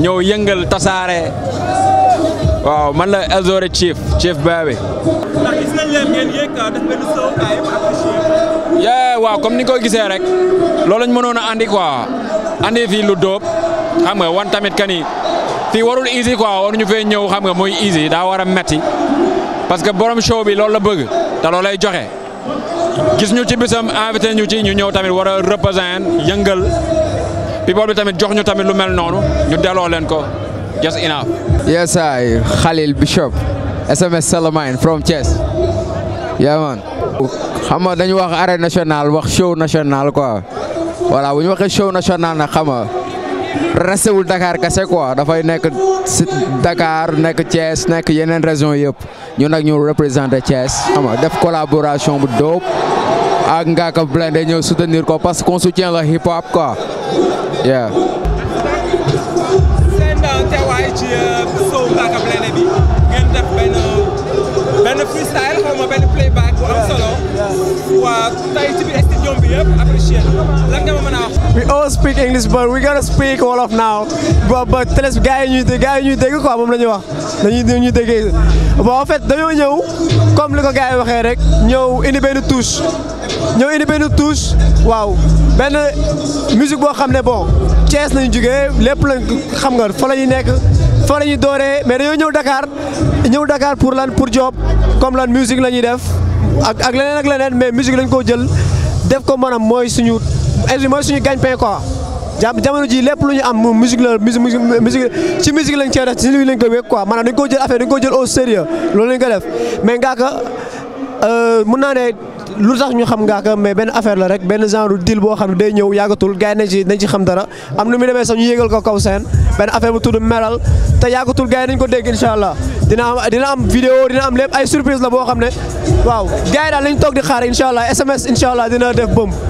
ñëw yëngal tasaare waaw man la Elzore Chief Chief Baabi. ndax ah, waaw comme ni ko gisee rek loolu lañ mënoon a andi quoi andi fii lu dóob xam nga wan tamit que ni fii warul easy quoi waruñu fee ñëw xam nga muy easy daa war a metti parce que borom show bi loolu la bëgg te loolu lay joxe gis ñu ci bisam invité ñu ci ñu ñëw tamit war a représenter yëngal. people bi tamit jox ñu tamit lu mel noonu ñu delloo leen ko just enough. yes I Khalil Bishop SMS Salamine from Thiès. yeah man. nga dañu wax arène national wax show national quoi voilà bu ñu waxee show national nag xam nga resté wul Dakar kese quoi dafay nekk Dakar nekk Thiès nekk yeneen région yëpp ñu nag ñu représenté Thiès xam nga def collaboration bu dope. ak Ngaaka Blindé ñëw soutenir ko parce qu'on soutient le hip hop quoi yeah. seen euh, teewaay ci euh, sow Ngaaka Blindé bi ngeen def benn benn freestyle xaw ma benn playback bu am solo waa tey ci biir stadium bi yëpp apprécié lan nga ma mën a wax. we all speak English but we gonna speak Wolof now but but télés gars yi ñuy dégg gars yi ñuy dégg quoi moom la ñuy wax dañuy ñuy déggee bon en fait dañoo ñëw comme li ko gars yi waxee rek ñëw indi benn touche. ñëw indi benn waaw benn musique boo xam ne bon Thiès lañu jugee lépp lañ xam nga fa la ñu nekk fa la ñu dooree mais dañoo ñëw Dakar ñëw dakaar pour lan pour job comme lan musique la ñuy def ak ak leneen ak leneen mais musique lañ koo jël def ko maanaam mooy suñu mooy suñu gagne-pain quoi. jamono ji lépp lu ñu am mu musique la musique ci musique lañ cee def ci li lañ ko wékk quoi maanaam dañ ko jël affaire dañ ko jël o sérieux loolu lañ ko def mais Ngaaka euh, mën naa ne. lu tax ñu xam ngaaka mais benn affaire la rek benn genre deal boo xam ne day ñëw yàggatul gars yi nañ ci nañ ci xam dara am nu mu demee sax ñu yégal ko kaw seen benn affaire bu tudd meral te yàggatul gars yi nañ ko dégg incha dina am dina am vidéo dina am lépp ay surprise la boo xam ne waaw gars yi daal lañ toog di xaar incha allah SMS incha allah dina def bëm